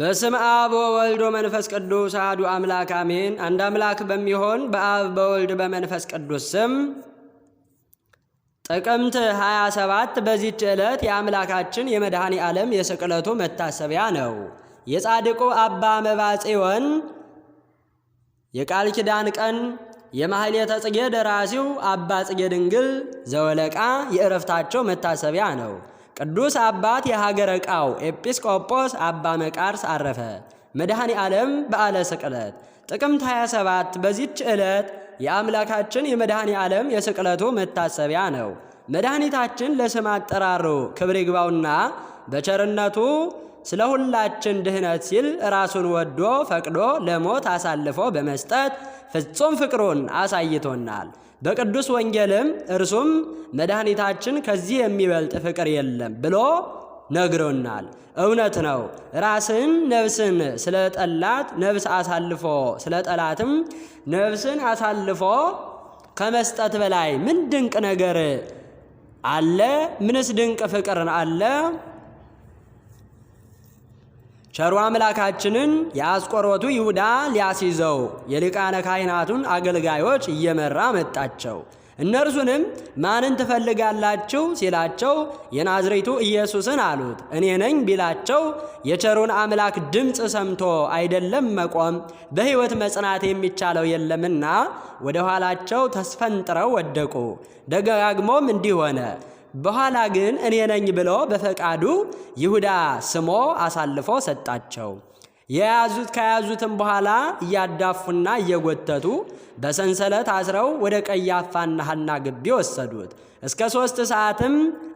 በስም አብ ወወልድ ወመንፈስ ቅዱስ አሐዱ አምላክ አሜን። አንድ አምላክ በሚሆን በአብ በወልድ በመንፈስ ቅዱስ ስም ጥቅምት 27 በዚህች ዕለት የአምላካችን የመድኃኔ ዓለም የስቅለቱ መታሰቢያ ነው። የጻድቁ አባ መባፄወን የቃል ኪዳን ቀን፣ የማህሌተ ጽጌ ደራሲው አባ ጽጌ ድንግል ዘወለቃ የእረፍታቸው መታሰቢያ ነው። ቅዱስ አባት የሀገረ ዕቃው ኤጲስቆጶስ አባ መቃርስ አረፈ። መድኃኔ ዓለም በዓለ ስቅለት ጥቅምት 27 በዚች ዕለት የአምላካችን የመድኃኔ ዓለም የስቅለቱ መታሰቢያ ነው። መድኃኒታችን ለስም አጠራሩ ክብር ይግባውና በቸርነቱ ስለ ሁላችን ድህነት ሲል ራሱን ወዶ ፈቅዶ ለሞት አሳልፎ በመስጠት ፍጹም ፍቅሩን አሳይቶናል። በቅዱስ ወንጌልም እርሱም መድኃኒታችን ከዚህ የሚበልጥ ፍቅር የለም ብሎ ነግሮናል። እውነት ነው። ራስን ነፍስን ስለ ጠላት ነፍስ አሳልፎ ስለ ጠላትም ነፍስን አሳልፎ ከመስጠት በላይ ምን ድንቅ ነገር አለ? ምንስ ድንቅ ፍቅር አለ? ቸሩ አምላካችንን የአስቆሮቱ ይሁዳ ሊያስይዘው የሊቃነ ካህናቱን አገልጋዮች እየመራ መጣቸው። እነርሱንም ማንን ትፈልጋላችሁ ሲላቸው የናዝሬቱ ኢየሱስን አሉት። እኔ ነኝ ቢላቸው የቸሩን አምላክ ድምፅ ሰምቶ አይደለም መቆም በሕይወት መጽናት የሚቻለው የለምና ወደ ኋላቸው ተስፈንጥረው ወደቁ። ደጋግሞም እንዲህ ሆነ። በኋላ ግን እኔ ነኝ ብሎ በፈቃዱ ይሁዳ ስሞ አሳልፎ ሰጣቸው። የያዙት ከያዙትም በኋላ እያዳፉና እየጎተቱ በሰንሰለት አስረው ወደ ቀያፋና ሐና ግቢ ወሰዱት። እስከ ሦስት ሰዓትም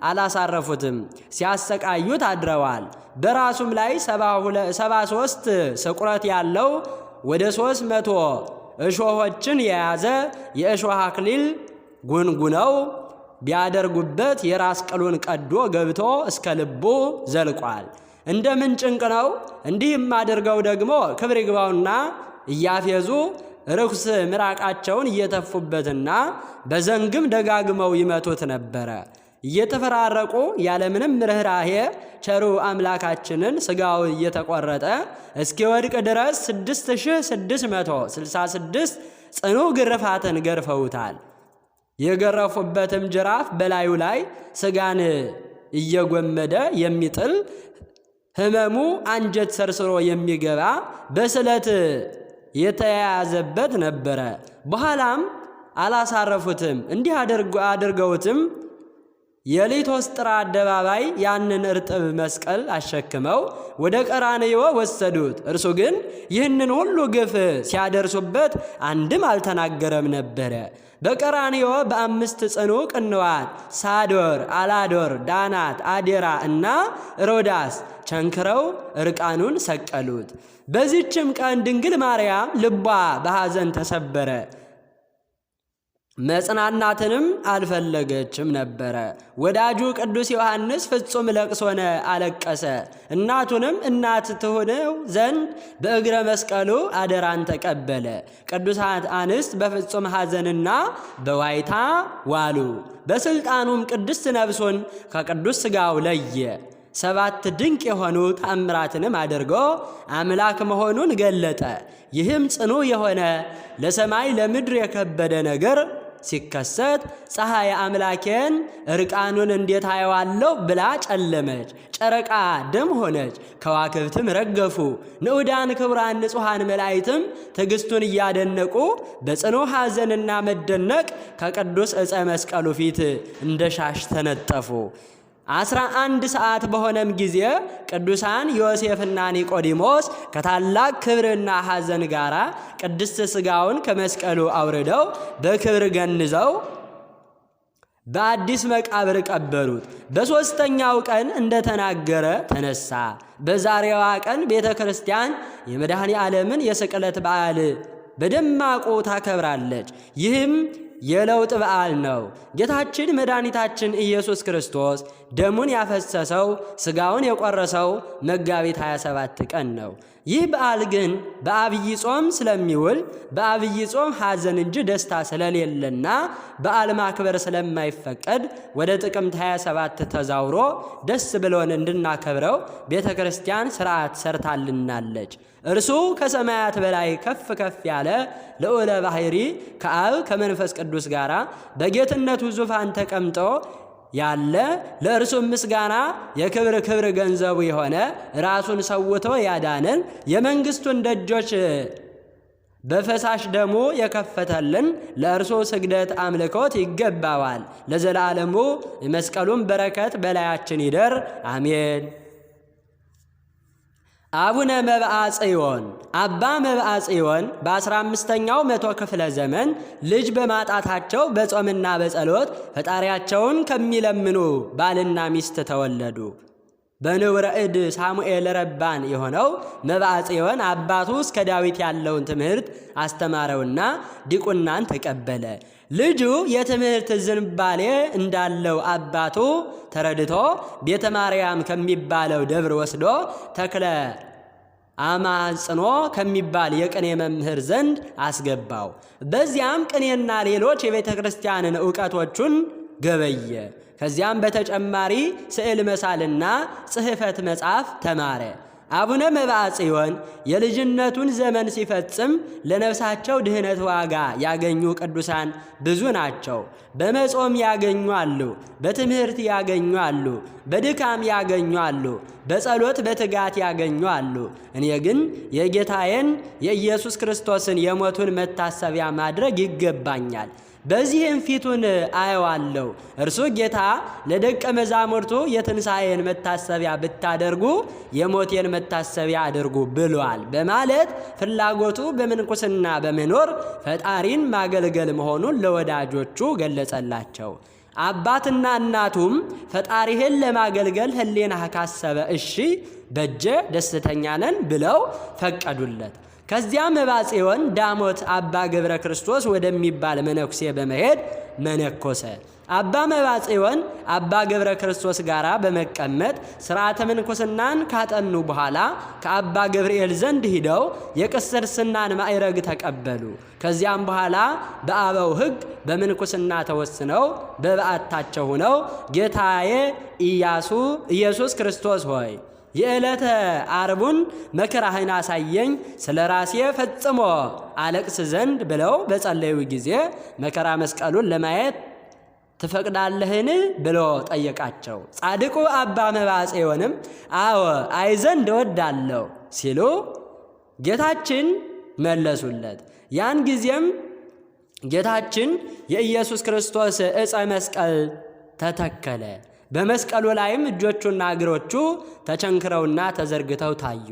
አላሳረፉትም። ሲያሰቃዩት አድረዋል። በራሱም ላይ ሰባ ሦስት ስቁረት ያለው ወደ ሦስት መቶ እሾሆችን የያዘ የእሾህ አክሊል ጉንጉነው ቢያደርጉበት የራስ ቅሉን ቀዶ ገብቶ እስከ ልቡ ዘልቋል። እንደምን ጭንቅ ነው! እንዲህም አድርገው ደግሞ ክብር ይግባውና እያፌዙ ርኩስ ምራቃቸውን እየተፉበትና በዘንግም ደጋግመው ይመቱት ነበረ። እየተፈራረቁ ያለምንም ርኅራሄ ቸሩ አምላካችንን ሥጋው እየተቆረጠ እስኪወድቅ ድረስ 6666 ጽኑ ግርፋትን ገርፈውታል። የገረፉበትም ጅራፍ በላዩ ላይ ስጋን እየጎመደ የሚጥል ህመሙ አንጀት ሰርስሮ የሚገባ በስለት የተያያዘበት ነበረ። በኋላም አላሳረፉትም። እንዲህ አድርገውትም የሊቶስጥራ አደባባይ ያንን እርጥብ መስቀል አሸክመው ወደ ቀራንዮ ወሰዱት። እርሱ ግን ይህንን ሁሉ ግፍ ሲያደርሱበት አንድም አልተናገረም ነበረ። በቀራንዮ በአምስት ጽኑ ቅንዋት ሳዶር፣ አላዶር፣ ዳናት፣ አዴራ እና ሮዳስ ቸንክረው እርቃኑን ሰቀሉት። በዚችም ቀን ድንግል ማርያም ልቧ በሐዘን ተሰበረ። መጽናናትንም አልፈለገችም ነበረ። ወዳጁ ቅዱስ ዮሐንስ ፍጹም ለቅሶነ አለቀሰ። እናቱንም እናት ትሆነው ዘንድ በእግረ መስቀሉ አደራን ተቀበለ። ቅዱሳት አንስት በፍጹም ሐዘንና በዋይታ ዋሉ። በሥልጣኑም ቅድስት ነፍሱን ከቅዱስ ሥጋው ለየ። ሰባት ድንቅ የሆኑ ተአምራትንም አድርጎ አምላክ መሆኑን ገለጠ። ይህም ጽኑ የሆነ ለሰማይ ለምድር የከበደ ነገር ሲከሰት ፀሐይ አምላኬን እርቃኑን እንዴት አየዋለሁ ብላ ጨለመች፣ ጨረቃ ደም ሆነች፣ ከዋክብትም ረገፉ። ንዑዳን ክቡራን ንጹሐን መላእክትም ትግስቱን እያደነቁ በጽኑ ሐዘንና መደነቅ ከቅዱስ ዕፀ መስቀሉ ፊት እንደ ሻሽ ተነጠፉ። አስራ አንድ ሰዓት በሆነም ጊዜ ቅዱሳን ዮሴፍና ኒቆዲሞስ ከታላቅ ክብርና ሐዘን ጋር ቅድስት ሥጋውን ከመስቀሉ አውርደው በክብር ገንዘው በአዲስ መቃብር ቀበሩት። በሦስተኛው ቀን እንደተናገረ ተነሳ። በዛሬዋ ቀን ቤተ ክርስቲያን የመድኃኔ ዓለምን የስቅለት በዓል በደማቁ ታከብራለች። ይህም የለውጥ በዓል ነው። ጌታችን መድኃኒታችን ኢየሱስ ክርስቶስ ደሙን ያፈሰሰው ሥጋውን የቆረሰው መጋቢት 27 ቀን ነው። ይህ በዓል ግን በአብይ ጾም ስለሚውል በአብይ ጾም ሐዘን እንጂ ደስታ ስለሌለና በዓል ማክበር ስለማይፈቀድ ወደ ጥቅምት 27 ተዛውሮ ደስ ብሎን እንድናከብረው ቤተ ክርስቲያን ሥርዓት ሰርታልናለች። እርሱ ከሰማያት በላይ ከፍ ከፍ ያለ ልዑለ ባሕሪ ከአብ ከመንፈስ ቅዱስ ጋር በጌትነቱ ዙፋን ተቀምጦ ያለ ለእርሱም ምስጋና የክብር ክብር ገንዘቡ የሆነ ራሱን ሰውቶ ያዳንን የመንግስቱን ደጆች በፈሳሽ ደሙ የከፈተልን ለእርሱ ስግደት አምልኮት ይገባዋል። ለዘላለሙ የመስቀሉን በረከት በላያችን ይደር፣ አሜን። አቡነ መብአ ጽዮን አባ መብአ ጽዮን በአስራ አምስተኛው መቶ ክፍለ ዘመን ልጅ በማጣታቸው በጾምና በጸሎት ፈጣሪያቸውን ከሚለምኑ ባልና ሚስት ተወለዱ። በንብረ እድ ሳሙኤል ረባን የሆነው መብአ ጽዮን አባቱ እስከ ዳዊት ያለውን ትምህርት አስተማረውና ዲቁናን ተቀበለ። ልጁ የትምህርት ዝንባሌ እንዳለው አባቱ ተረድቶ ቤተ ማርያም ከሚባለው ደብር ወስዶ ተክለ አማጽኖ ከሚባል የቅኔ መምህር ዘንድ አስገባው። በዚያም ቅኔና ሌሎች የቤተ ክርስቲያንን እውቀቶቹን ገበየ። ከዚያም በተጨማሪ ስዕል መሳልና ጽሕፈት መጻፍ ተማረ። አቡነ መብዓ ጽዮን የልጅነቱን ዘመን ሲፈጽም ለነፍሳቸው ድህነት ዋጋ ያገኙ ቅዱሳን ብዙ ናቸው። በመጾም ያገኙ አሉ፣ በትምህርት ያገኙ አሉ፣ በድካም ያገኙ አሉ፣ በጸሎት በትጋት ያገኙ አሉ። እኔ ግን የጌታዬን የኢየሱስ ክርስቶስን የሞቱን መታሰቢያ ማድረግ ይገባኛል። በዚህም ፊቱን አየዋለሁ። እርሱ ጌታ ለደቀ መዛሙርቱ የትንሣኤን መታሰቢያ ብታደርጉ የሞቴን መታሰቢያ አድርጉ ብሏል በማለት ፍላጎቱ በምንኩስና በመኖር ፈጣሪን ማገልገል መሆኑን ለወዳጆቹ ገለጸላቸው። አባትና እናቱም ፈጣሪህን ለማገልገል ሕሊና ካሰበ እሺ በጀ ደስተኛ ነን ብለው ፈቀዱለት። ከዚያም እባጽ ዳሞት አባ ገብረ ክርስቶስ ወደሚባል መነኩሴ በመሄድ መነኮሰ። አባ መባጽ አባ ገብረ ክርስቶስ ጋር በመቀመጥ ስርዓተ ምንኩስናን ካጠኑ በኋላ ከአባ ገብርኤል ዘንድ ሂደው የቅስርስናን ማዕረግ ተቀበሉ። ከዚያም በኋላ በአበው ሕግ በምንኩስና ተወስነው በበዓታቸው ሆነው ጌታዬ ኢያሱ ኢየሱስ ክርስቶስ ሆይ የዕለተ አርቡን መከራህን አሳየኝ ስለ ራሴ ፈጽሞ አለቅስ ዘንድ ብለው በጸለዩ ጊዜ መከራ መስቀሉን ለማየት ትፈቅዳለህን ብሎ ጠየቃቸው። ጻድቁ አባ መባጽዮንም አዎ አይ ዘንድ እወዳለሁ ሲሉ ጌታችን መለሱለት። ያን ጊዜም ጌታችን የኢየሱስ ክርስቶስ ዕፀ መስቀል ተተከለ። በመስቀሉ ላይም እጆቹና እግሮቹ ተቸንክረውና ተዘርግተው ታዩ።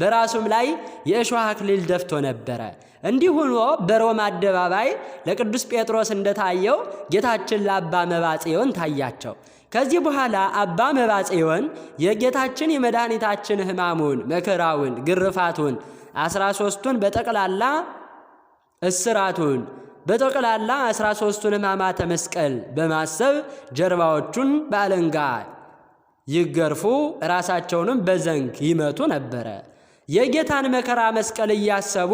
በራሱም ላይ የእሾህ አክሊል ደፍቶ ነበረ። እንዲህ ሆኖ በሮም አደባባይ ለቅዱስ ጴጥሮስ እንደታየው ጌታችን ለአባ መባጽዮን ታያቸው። ከዚህ በኋላ አባ መባጽዮን የጌታችን የመድኃኒታችን ሕማሙን፣ መከራውን፣ ግርፋቱን አስራ ሦስቱን በጠቅላላ እስራቱን በጠቅላላ አስራ ሶስቱን አማተ መስቀል በማሰብ ጀርባዎቹን በአለንጋ ይገርፉ ራሳቸውንም በዘንግ ይመቱ ነበረ። የጌታን መከራ መስቀል እያሰቡ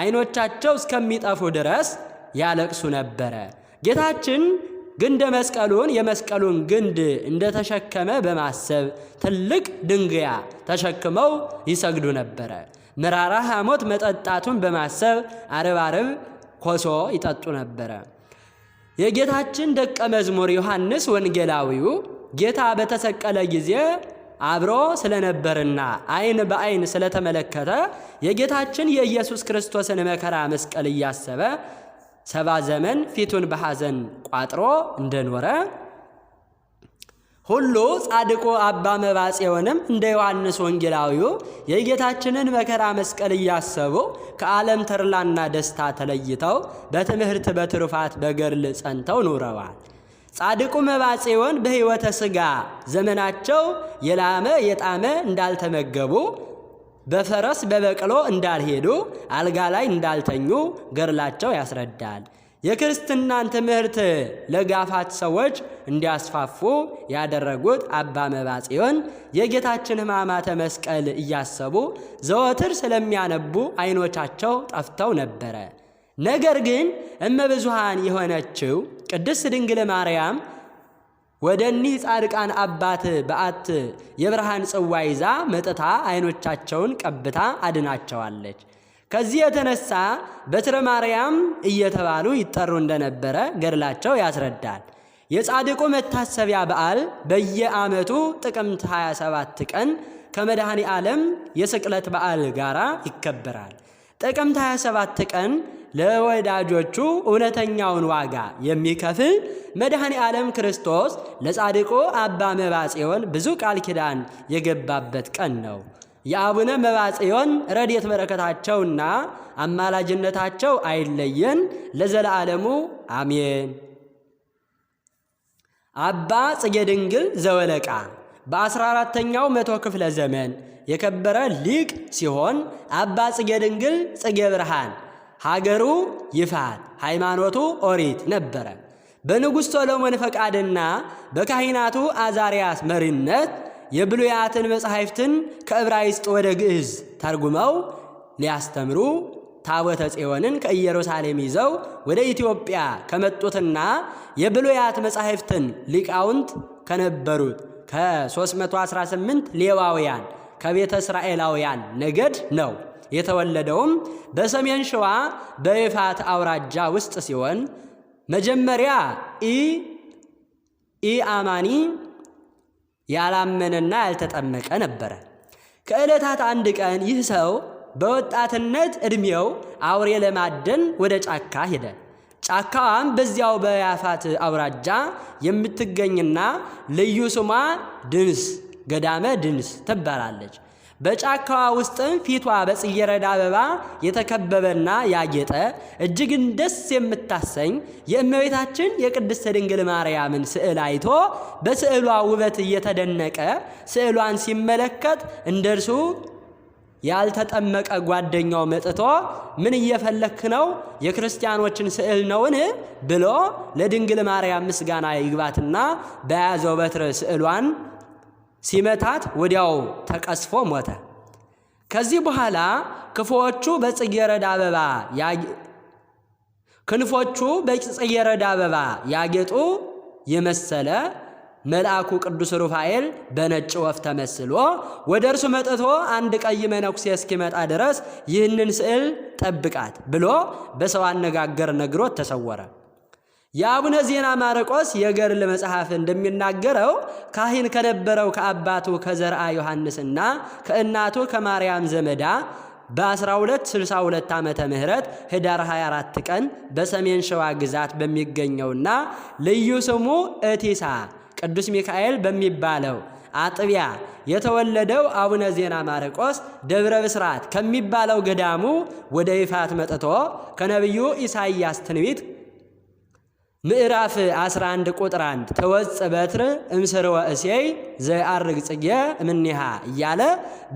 ዓይኖቻቸው እስከሚጠፉ ድረስ ያለቅሱ ነበረ። ጌታችን ግንደ መስቀሉን የመስቀሉን ግንድ እንደተሸከመ በማሰብ ትልቅ ድንጋያ ተሸክመው ይሰግዱ ነበረ። መራራ ሐሞት መጠጣቱን በማሰብ አረብ አረብ ኮሶ ይጠጡ ነበረ። የጌታችን ደቀ መዝሙር ዮሐንስ ወንጌላዊው ጌታ በተሰቀለ ጊዜ አብሮ ስለነበርና ዓይን በዓይን ስለተመለከተ የጌታችን የኢየሱስ ክርስቶስን መከራ መስቀል እያሰበ ሰባ ዘመን ፊቱን በሐዘን ቋጥሮ እንደኖረ ሁሉ ጻድቁ አባ መባፄዎንም እንደ ዮሐንስ ወንጌላዊው የጌታችንን መከራ መስቀል እያሰቡ ከዓለም ተርላና ደስታ ተለይተው በትምህርት በትሩፋት በገርል ጸንተው ኑረዋል። ጻድቁ መባጼዎን በሕይወተ ሥጋ ዘመናቸው የላመ የጣመ እንዳልተመገቡ በፈረስ በበቅሎ እንዳልሄዱ አልጋ ላይ እንዳልተኙ ገርላቸው ያስረዳል። የክርስትናን ትምህርት ለጋፋት ሰዎች እንዲያስፋፉ ያደረጉት አባ መባ ጽዮን የጌታችን ሕማማተ መስቀል እያሰቡ ዘወትር ስለሚያነቡ አይኖቻቸው ጠፍተው ነበረ። ነገር ግን እመብዙሃን የሆነችው ቅድስት ድንግል ማርያም ወደ እኒህ ጻድቃን አባት በዓት የብርሃን ጽዋ ይዛ መጥታ አይኖቻቸውን ቀብታ አድናቸዋለች። ከዚህ የተነሳ በትረ ማርያም እየተባሉ ይጠሩ እንደነበረ ገድላቸው ያስረዳል። የጻድቁ መታሰቢያ በዓል በየዓመቱ ጥቅምት 27 ቀን ከመድኃኔ ዓለም የስቅለት በዓል ጋር ይከበራል። ጥቅምት 27 ቀን ለወዳጆቹ እውነተኛውን ዋጋ የሚከፍል መድኃኔ ዓለም ክርስቶስ ለጻድቁ አባ መብዓ ብዙ ቃል ኪዳን የገባበት ቀን ነው። የአቡነ ጽዮን ረድኤት በረከታቸውና አማላጅነታቸው አይለየን ለዘለዓለሙ አሜን። አባ ጽጌ ድንግል ዘወለቃ በአስራ አራተኛው መቶ ክፍለ ዘመን የከበረ ሊቅ ሲሆን አባ ጽጌ ድንግል ጽጌ ብርሃን ሀገሩ ይፋት ሃይማኖቱ ኦሪት ነበረ። በንጉሥ ሶሎሞን ፈቃድና በካህናቱ አዛሪያስ መሪነት የብሉያትን መጻሕፍትን ከዕብራይስጥ ወደ ግዕዝ ተርጉመው ሊያስተምሩ ታቦተ ጽዮንን ከኢየሩሳሌም ይዘው ወደ ኢትዮጵያ ከመጡትና የብሉያት መጻሕፍትን ሊቃውንት ከነበሩት ከ318 ሌዋውያን ከቤተ እስራኤላውያን ነገድ ነው። የተወለደውም በሰሜን ሸዋ በይፋት አውራጃ ውስጥ ሲሆን መጀመሪያ ኢ አማኒ ያላመነና ያልተጠመቀ ነበረ። ከዕለታት አንድ ቀን ይህ ሰው በወጣትነት ዕድሜው አውሬ ለማደን ወደ ጫካ ሄደ። ጫካዋም በዚያው በያፋት አውራጃ የምትገኝና ልዩ ስሟ ድንስ ገዳመ ድንስ ትባላለች። በጫካዋ ውስጥም ፊቷ በጽጌረዳ አበባ የተከበበና ያጌጠ እጅግን ደስ የምታሰኝ የእመቤታችን የቅድስተ ድንግል ማርያምን ስዕል አይቶ በስዕሏ ውበት እየተደነቀ ስዕሏን ሲመለከት እንደ እርሱ ያልተጠመቀ ጓደኛው መጥቶ ምን እየፈለክ ነው? የክርስቲያኖችን ስዕል ነውን? ብሎ ለድንግል ማርያም ምስጋና ይግባትና በያዘው በትር ስዕሏን ሲመታት ወዲያው ተቀስፎ ሞተ። ከዚህ በኋላ ክፎቹ በጽጌረዳ አበባ ክንፎቹ በጽጌረዳ አበባ ያጌጡ የመሰለ መልአኩ ቅዱስ ሩፋኤል በነጭ ወፍ ተመስሎ ወደ እርሱ መጥቶ አንድ ቀይ መነኩሴ እስኪመጣ ድረስ ይህንን ስዕል ጠብቃት ብሎ በሰው አነጋገር ነግሮት ተሰወረ። የአቡነ ዜና ማርቆስ የገድል መጽሐፍ እንደሚናገረው ካህን ከነበረው ከአባቱ ከዘርአ ዮሐንስና ከእናቱ ከማርያም ዘመዳ በ1262 ዓመተ ምህረት ህዳር 24 ቀን በሰሜን ሸዋ ግዛት በሚገኘውና ልዩ ስሙ እቲሳ ቅዱስ ሚካኤል በሚባለው አጥቢያ የተወለደው አቡነ ዜና ማርቆስ ደብረ ብስራት ከሚባለው ገዳሙ ወደ ይፋት መጥቶ ከነቢዩ ኢሳይያስ ትንቢት ምዕራፍ 11 ቁጥር 1 ተወጽ በትር እምስርወ እሴይ ዘአርግ ጽጌ እምኒሃ እያለ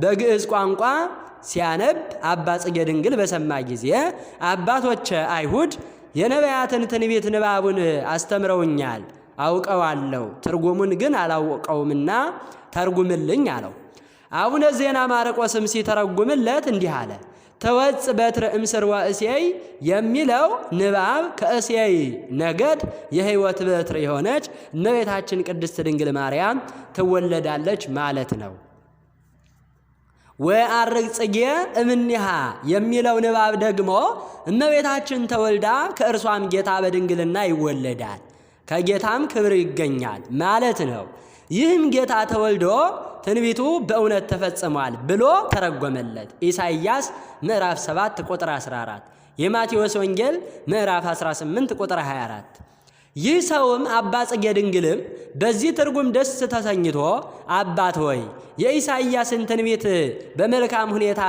በግዕዝ ቋንቋ ሲያነብ አባ ጽጌ ድንግል በሰማ ጊዜ አባቶች አይሁድ የነቢያትን ትንቢት ንባቡን አስተምረውኛል፣ አውቀዋለሁ፣ ትርጉሙን ግን አላወቀውምና ተርጉምልኝ አለው። አቡነ ዜና ማርቆስም ሲተረጉምለት እንዲህ አለ ተወጽ በትረ እምስርወ እሴይ የሚለው ንባብ ከእሴይ ነገድ የህይወት በትር የሆነች እመቤታችን ቅድስት ድንግል ማርያም ትወለዳለች ማለት ነው። ወይ አርግ ጽጌ እምኒሃ የሚለው ንባብ ደግሞ እመቤታችን ተወልዳ ከእርሷም ጌታ በድንግልና ይወለዳል፣ ከጌታም ክብር ይገኛል ማለት ነው። ይህም ጌታ ተወልዶ ትንቢቱ በእውነት ተፈጽሟል ብሎ ተረጎመለት። ኢሳይያስ ምዕራፍ 7 ቁጥር 14፣ የማቴዎስ ወንጌል ምዕራፍ 18 ቁጥር 24። ይህ ሰውም አባ ጽጌ ድንግልም በዚህ ትርጉም ደስ ተሰኝቶ አባት ሆይ የኢሳይያስን ትንቢት በመልካም ሁኔታ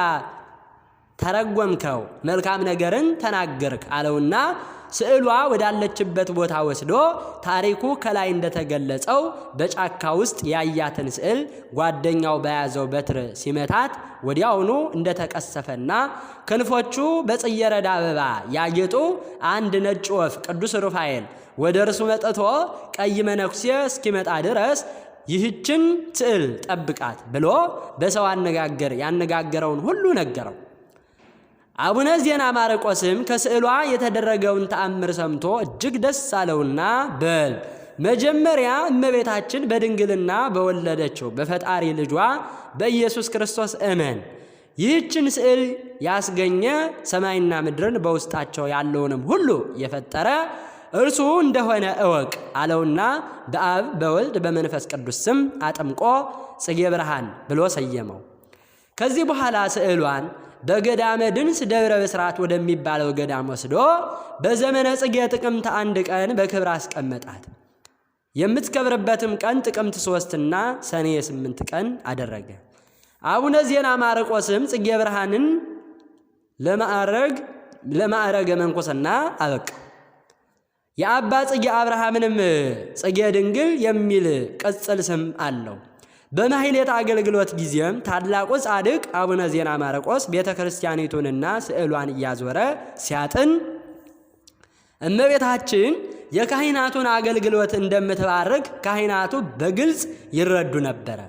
ተረጎምከው፣ መልካም ነገርን ተናገርክ አለውና ስዕሏ ወዳለችበት ቦታ ወስዶ ታሪኩ ከላይ እንደተገለጸው በጫካ ውስጥ ያያትን ስዕል ጓደኛው በያዘው በትር ሲመታት ወዲያውኑ እንደተቀሰፈና ክንፎቹ በጽየረዳ አበባ ያጌጡ አንድ ነጭ ወፍ ቅዱስ ሩፋኤል ወደ እርሱ መጥቶ ቀይ መነኩሴ እስኪመጣ ድረስ ይህችን ስዕል ጠብቃት ብሎ በሰው አነጋገር ያነጋገረውን ሁሉ ነገረው። አቡነ ዜና ማረቆስም ከስዕሏ የተደረገውን ተአምር ሰምቶ እጅግ ደስ አለውና በል መጀመሪያ እመቤታችን በድንግልና በወለደችው በፈጣሪ ልጇ በኢየሱስ ክርስቶስ እመን። ይህችን ስዕል ያስገኘ ሰማይና ምድርን በውስጣቸው ያለውንም ሁሉ የፈጠረ እርሱ እንደሆነ እወቅ አለውና በአብ በወልድ በመንፈስ ቅዱስ ስም አጥምቆ ጽጌ ብርሃን ብሎ ሰየመው። ከዚህ በኋላ ስዕሏን በገዳመ ድንስ ደብረ ብስራት ወደሚባለው ገዳም ወስዶ በዘመነ ጽጌ ጥቅምት አንድ ቀን በክብር አስቀመጣት። የምትከብርበትም ቀን ጥቅምት ሶስትና ሰኔ የስምንት ቀን አደረገ። አቡነ ዜና ማርቆስም ጽጌ ብርሃንን ለማዕረግ ለማዕረገ መንኩስና አበቃ። የአባ ጽጌ አብርሃምንም ጽጌ ድንግል የሚል ቅጽል ስም አለው። በማህሌት አገልግሎት ጊዜም ታላቁ ጻድቅ አቡነ ዜና ማርቆስ ቤተ ክርስቲያኒቱንና ስዕሏን እያዞረ ሲያጥን እመቤታችን የካህናቱን አገልግሎት እንደምትባርክ ካህናቱ በግልጽ ይረዱ ነበረ።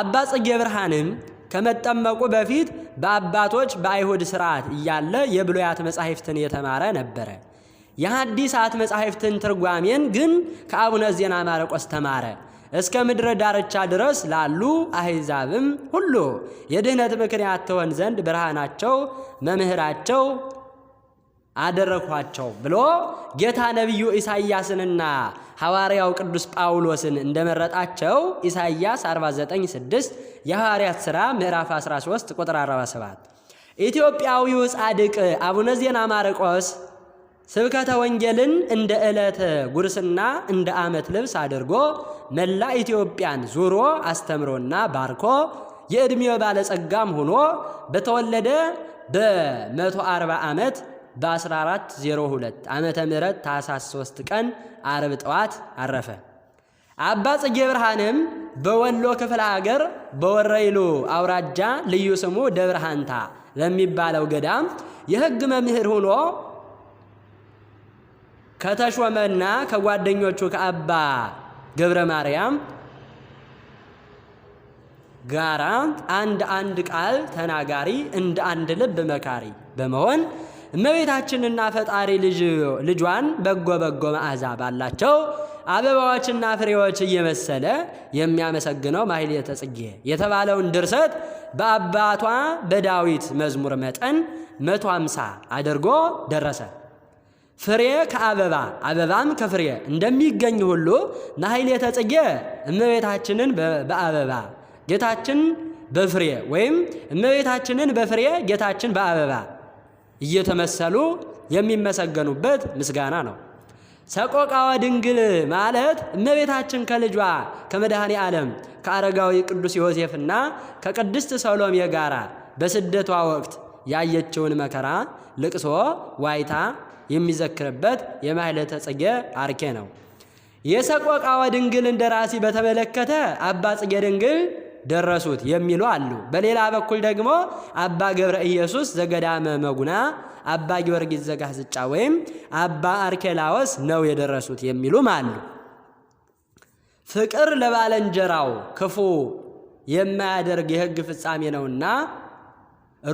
አባ ጽጌ ብርሃንም ከመጠመቁ በፊት በአባቶች በአይሁድ ሥርዓት እያለ የብሉያት መጻሕፍትን የተማረ ነበረ። የሐዲሳት መጻሕፍትን ትርጓሜን ግን ከአቡነ ዜና ማርቆስ ተማረ። እስከ ምድረ ዳርቻ ድረስ ላሉ አሕዛብም ሁሉ የድህነት ምክንያት ትሆን ዘንድ ብርሃናቸው መምህራቸው አደረኳቸው ብሎ ጌታ ነቢዩ ኢሳይያስንና ሐዋርያው ቅዱስ ጳውሎስን እንደመረጣቸው ኢሳይያስ 496 የሐዋርያት ሥራ ምዕራፍ 13 ቁጥር 47 ኢትዮጵያዊው ጻድቅ አቡነ ዜና ማርቆስ ስብከተ ወንጌልን እንደ ዕለተ ጉርስና እንደ ዓመት ልብስ አድርጎ መላ ኢትዮጵያን ዞሮ አስተምሮና ባርኮ የዕድሜው ባለጸጋም ሆኖ በተወለደ በ140 ዓመት በ1402 ዓመተ ምህረት ታኅሳስ 3 ቀን ዓርብ ጠዋት አረፈ። አባ ጽጌ ብርሃንም በወሎ ክፍለ አገር በወረይሉ አውራጃ ልዩ ስሙ ደብረ ሃንታ ለሚባለው ገዳም የሕግ መምህር ሆኖ ከተሾመና ከጓደኞቹ ከአባ ገብረ ማርያም ጋራ አንድ አንድ ቃል ተናጋሪ እንደ አንድ ልብ መካሪ በመሆን እመቤታችንና ፈጣሪ ልጇን በጎ በጎ መዓዛ ባላቸው አበባዎችና ፍሬዎች እየመሰለ የሚያመሰግነው ማሕሌተ ጽጌ የተባለውን ድርሰት በአባቷ በዳዊት መዝሙር መጠን መቶ ሃምሳ አድርጎ ደረሰ። ፍሬ ከአበባ አበባም ከፍሬ እንደሚገኝ ሁሉ ናህሌተ ጽጌ እመቤታችንን በአበባ ጌታችን በፍሬ ወይም እመቤታችንን በፍሬ ጌታችን በአበባ እየተመሰሉ የሚመሰገኑበት ምስጋና ነው። ሰቆቃወ ድንግል ማለት እመቤታችን ከልጇ ከመድኃኔ ዓለም ከአረጋዊ ቅዱስ ዮሴፍና ከቅድስት ሰሎሜ ጋር በስደቷ ወቅት ያየችውን መከራ፣ ልቅሶ፣ ዋይታ የሚዘክርበት የማህለተ ጽጌ አርኬ ነው። የሰቆቃወ ድንግል እንደ ራሲ በተመለከተ አባ ጽጌ ድንግል ደረሱት የሚሉ አሉ። በሌላ በኩል ደግሞ አባ ገብረ ኢየሱስ ዘገዳመ መጉና፣ አባ ጊዮርጊስ ዘጋስጫ ወይም አባ አርኬላወስ ነው የደረሱት የሚሉም አሉ። ፍቅር ለባለንጀራው ክፉ የማያደርግ የህግ ፍጻሜ ነውና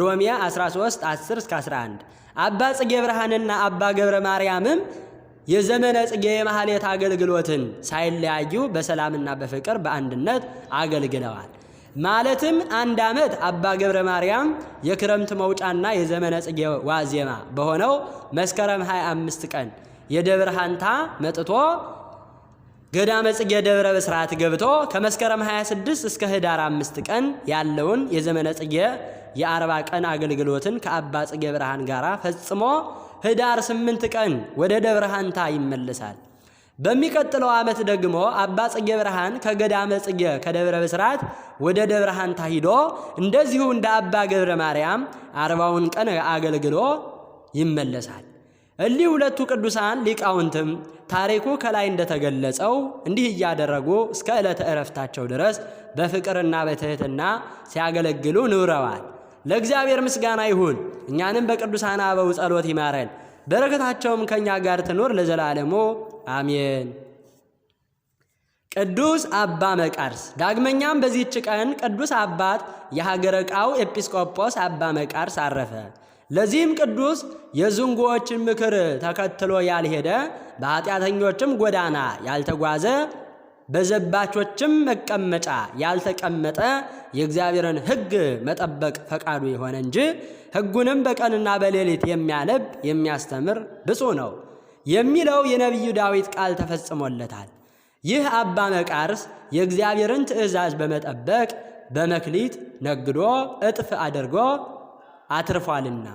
ሮሚያ 13 10 እስከ 11 አባ ጽጌ ብርሃንና አባ ገብረ ማርያምም የዘመነ ጽጌ የማህሌት አገልግሎትን ሳይለያዩ በሰላምና በፍቅር በአንድነት አገልግለዋል። ማለትም አንድ ዓመት አባ ገብረ ማርያም የክረምት መውጫና የዘመነ ጽጌ ዋዜማ በሆነው መስከረም 25 ቀን የደብረ ሐንታ መጥቶ ገዳመ ጽጌ ደብረ ብስራት ገብቶ ከመስከረም 26 እስከ ህዳር 5 ቀን ያለውን የዘመነ ጽጌ የአርባ ቀን አገልግሎትን ከአባ ጽጌ ብርሃን ጋር ፈጽሞ ህዳር ስምንት ቀን ወደ ደብረ ይመለሳል። በሚቀጥለው ዓመት ደግሞ አባ ጽጌ ብርሃን ከገዳመ ጽጌ ከደብረ ብስራት ወደ ደብረ ሐንታ ሂዶ እንደዚሁ እንደ አባ ገብረ ማርያም አርባውን ቀን አገልግሎ ይመለሳል። እሊህ ሁለቱ ቅዱሳን ሊቃውንትም ታሪኩ ከላይ እንደተገለጸው እንዲህ እያደረጉ እስከ ዕለተ ዕረፍታቸው ድረስ በፍቅርና በትሕትና ሲያገለግሉ ኑረዋል። ለእግዚአብሔር ምስጋና ይሁን። እኛንም በቅዱሳን አበው ጸሎት ይማረን፣ በረከታቸውም ከእኛ ጋር ትኖር ለዘላለሙ አሜን። ቅዱስ አባ መቃርስ። ዳግመኛም በዚህች ቀን ቅዱስ አባት የሀገረ ቃው ኤጲስቆጶስ አባ መቃርስ አረፈ። ለዚህም ቅዱስ የዝንጎዎችን ምክር ተከትሎ ያልሄደ በኃጢአተኞችም ጎዳና ያልተጓዘ በዘባቾችም መቀመጫ ያልተቀመጠ የእግዚአብሔርን ሕግ መጠበቅ ፈቃዱ የሆነ እንጂ ሕጉንም በቀንና በሌሊት የሚያነብ የሚያስተምር ብፁ ነው የሚለው የነቢዩ ዳዊት ቃል ተፈጽሞለታል። ይህ አባ መቃርስ የእግዚአብሔርን ትእዛዝ በመጠበቅ በመክሊት ነግዶ እጥፍ አድርጎ አትርፏልና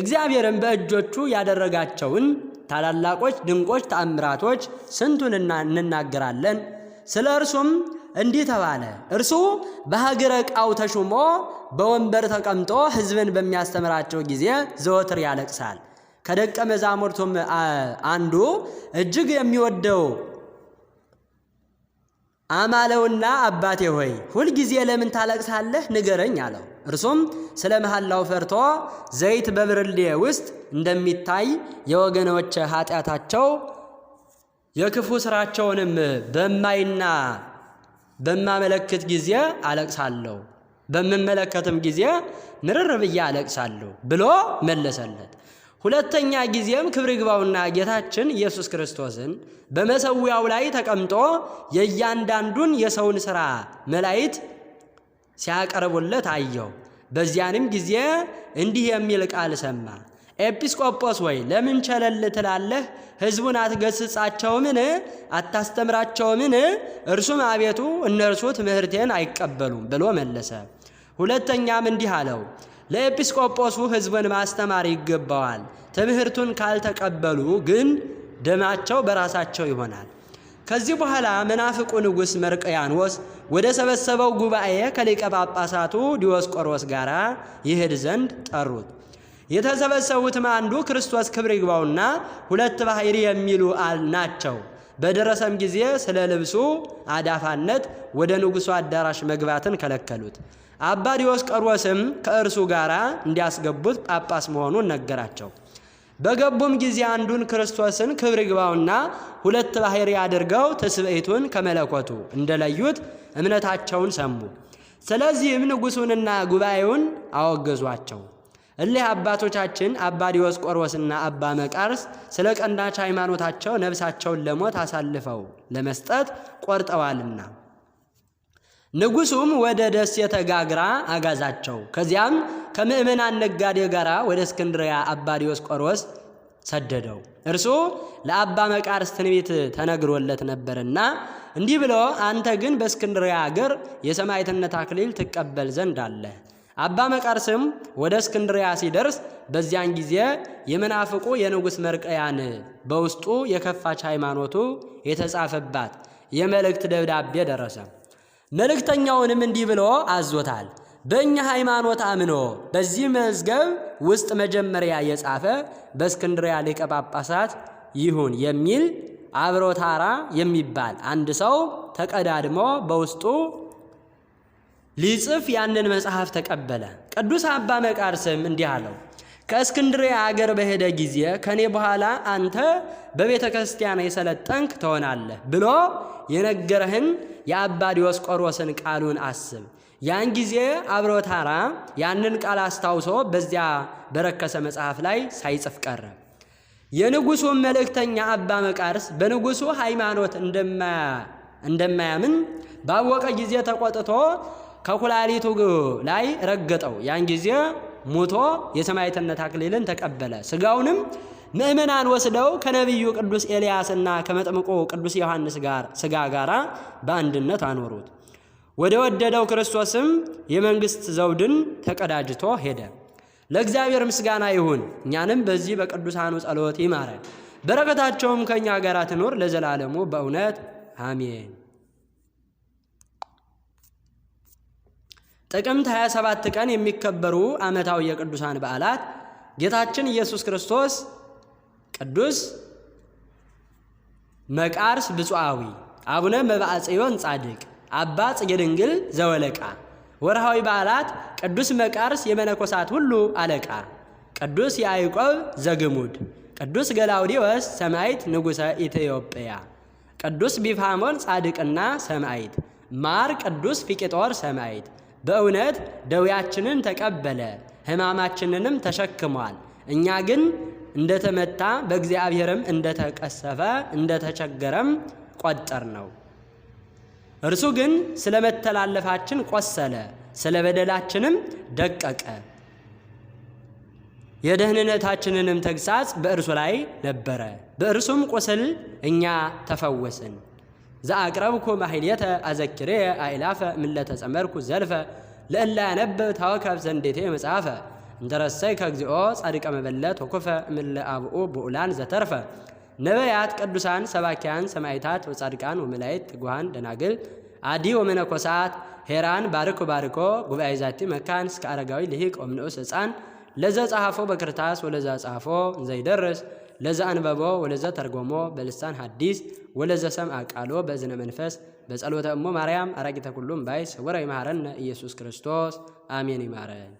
እግዚአብሔርን በእጆቹ ያደረጋቸውን ታላላቆች ድንቆች ተአምራቶች ስንቱን እንናገራለን። ስለ እርሱም እንዲህ ተባለ። እርሱ በሀገረ ዕቃው ተሹሞ በወንበር ተቀምጦ ሕዝብን በሚያስተምራቸው ጊዜ ዘወትር ያለቅሳል። ከደቀ መዛሙርቱም አንዱ እጅግ የሚወደው አማለውና አባቴ ሆይ ሁልጊዜ ለምን ታለቅሳለህ? ንገረኝ አለው። እርሱም ስለ መሐላው ፈርቶ ዘይት በብርሌ ውስጥ እንደሚታይ የወገኖች ኃጢአታቸው የክፉ ስራቸውንም በማይና በማመለክት ጊዜ አለቅሳለሁ፣ በምመለከትም ጊዜ ምርር ብዬ አለቅሳለሁ ብሎ መለሰለት። ሁለተኛ ጊዜም ክብር ግባውና ጌታችን ኢየሱስ ክርስቶስን በመሰዊያው ላይ ተቀምጦ የእያንዳንዱን የሰውን ሥራ መላእክት ሲያቀርቡለት አየው። በዚያንም ጊዜ እንዲህ የሚል ቃል ሰማ ኤጲስቆጶስ ወይ ለምን ቸለል ትላለህ? ሕዝቡን አትገስጻቸውምን? አታስተምራቸውምን? እርሱም አቤቱ እነርሱ ትምህርቴን አይቀበሉም ብሎ መለሰ። ሁለተኛም እንዲህ አለው፣ ለኤጲስቆጶሱ ህዝቡን ማስተማር ይገባዋል። ትምህርቱን ካልተቀበሉ ግን ደማቸው በራሳቸው ይሆናል። ከዚህ በኋላ መናፍቁ ንጉሥ መርቀያኖስ ወደ ሰበሰበው ጉባኤ ከሊቀ ጳጳሳቱ ዲዮስቆሮስ ጋር ይሄድ ዘንድ ጠሩት። የተሰበሰቡትም አንዱ ክርስቶስ ክብር ይግባውና ሁለት ባህሪ የሚሉ ናቸው። በደረሰም ጊዜ ስለ ልብሱ አዳፋነት ወደ ንጉሡ አዳራሽ መግባትን ከለከሉት። አባ ዲዮስቆሮስም ከእርሱ ጋር እንዲያስገቡት ጳጳስ መሆኑን ነገራቸው። በገቡም ጊዜ አንዱን ክርስቶስን ክብር ይግባውና ሁለት ባህሪ አድርገው ትስብእቱን ከመለኮቱ እንደለዩት እምነታቸውን ሰሙ። ስለዚህም ንጉሡንና ጉባኤውን አወገዟቸው። እሊህ አባቶቻችን አባ ዲዮስቆሮስና አባ መቃርስ ስለ ቀንዳች ሃይማኖታቸው ነፍሳቸውን ለሞት አሳልፈው ለመስጠት ቆርጠዋልና ንጉሱም ወደ ደሴተ ጋግራ አጋዛቸው። ከዚያም ከምእመናን ነጋዴ ጋር ወደ እስክንድሪያ አባ ዲዮስቆሮስ ሰደደው። እርሱ ለአባ መቃርስ ትንቢት ተነግሮለት ነበርና እንዲህ ብሎ አንተ ግን በእስክንድሪያ አገር የሰማዕትነት አክሊል ትቀበል ዘንድ አለ አባ መቃርስም ወደ እስክንድሪያ ሲደርስ በዚያን ጊዜ የመናፍቁ የንጉሥ መርቀያን በውስጡ የከፋች ሃይማኖቱ የተጻፈባት የመልእክት ደብዳቤ ደረሰ። መልእክተኛውንም እንዲህ ብሎ አዞታል። በእኛ ሃይማኖት አምኖ በዚህ መዝገብ ውስጥ መጀመሪያ የጻፈ በእስክንድሪያ ሊቀ ጳጳሳት ይሁን የሚል አብሮታራ የሚባል አንድ ሰው ተቀዳድሞ በውስጡ ሊጽፍ ያንን መጽሐፍ ተቀበለ። ቅዱስ አባ መቃርስም እንዲህ አለው፣ ከእስክንድሬ አገር በሄደ ጊዜ ከእኔ በኋላ አንተ በቤተ ክርስቲያን የሰለጠንክ ትሆናለህ ብሎ የነገረህን የአባ ዲዮስቆሮስን ቃሉን አስብ። ያን ጊዜ አብሮታራ ያንን ቃል አስታውሶ በዚያ በረከሰ መጽሐፍ ላይ ሳይጽፍ ቀረ። የንጉሱን መልእክተኛ አባ መቃርስ በንጉሱ ሃይማኖት እንደማያምን ባወቀ ጊዜ ተቆጥቶ ከኩላሊቱ ላይ ረገጠው። ያን ጊዜ ሙቶ የሰማዕትነት አክሊልን ተቀበለ። ስጋውንም ምእመናን ወስደው ከነቢዩ ቅዱስ ኤልያስና ከመጥምቆ ቅዱስ ዮሐንስ ጋር ስጋ ጋር በአንድነት አኖሩት። ወደ ወደደው ክርስቶስም የመንግሥት ዘውድን ተቀዳጅቶ ሄደ። ለእግዚአብሔር ምስጋና ይሁን፣ እኛንም በዚህ በቅዱሳኑ ጸሎት ይማረን፣ በረከታቸውም ከእኛ ጋር ትኖር ለዘላለሙ በእውነት አሜን። ጥቅምት 27 ቀን የሚከበሩ ዓመታዊ የቅዱሳን በዓላት ጌታችን ኢየሱስ ክርስቶስ ቅዱስ መቃርስ ብፁዓዊ፣ አቡነ መብዓ ጻድቅ፣ አባ ጽጌ ድንግል ዘወለቃ። ወርሃዊ በዓላት ቅዱስ መቃርስ የመነኮሳት ሁሉ አለቃ፣ ቅዱስ ያዕቆብ ዘግሙድ፣ ቅዱስ ገላውዲዮስ ሰማዕት ንጉሠ ኢትዮጵያ፣ ቅዱስ ቢፋሞን ጻድቅና ሰማዕት፣ ማር ቅዱስ ፊቅጦር ሰማዕት በእውነት ደዌያችንን ተቀበለ፣ ሕማማችንንም ተሸክሟል። እኛ ግን እንደተመታ በእግዚአብሔርም እንደተቀሰፈ እንደተቸገረም ቆጠር ነው። እርሱ ግን ስለ መተላለፋችን ቆሰለ፣ ስለ በደላችንም ደቀቀ። የደህንነታችንንም ተግሳጽ በእርሱ ላይ ነበረ፣ በእርሱም ቁስል እኛ ተፈወስን። ذا اقربكو محيليتا اذكريا ايلافا من لا تسامركو زلفا لالا نبت هاكاب زندتي مسافا درس سيكاك زي اوس اريك اما بلات وكفا من لا ابو بولان زترفا نبيات كدوسان سباكيان سمايتات وصاركان وملايت جوان دناجل عدي ومنكوسات هيران باركو باركو غوباي زاتي مكان سكاراغاوي لهيك ومن اوس اسان لزاز اهافو بكرتاس ولزاز اهافو زي درس ለዛ አንበቦ ወለዛ ተርጎሞ በልሳን ሐዲስ ወለዘ ሰምዐ ቃሎ በእዝነ መንፈስ በጸሎተ እሞ ማርያም አራቂተ ኩሉም ባይስ ወረ ይመሃረነ ኢየሱስ ክርስቶስ አሜን። ይማረን።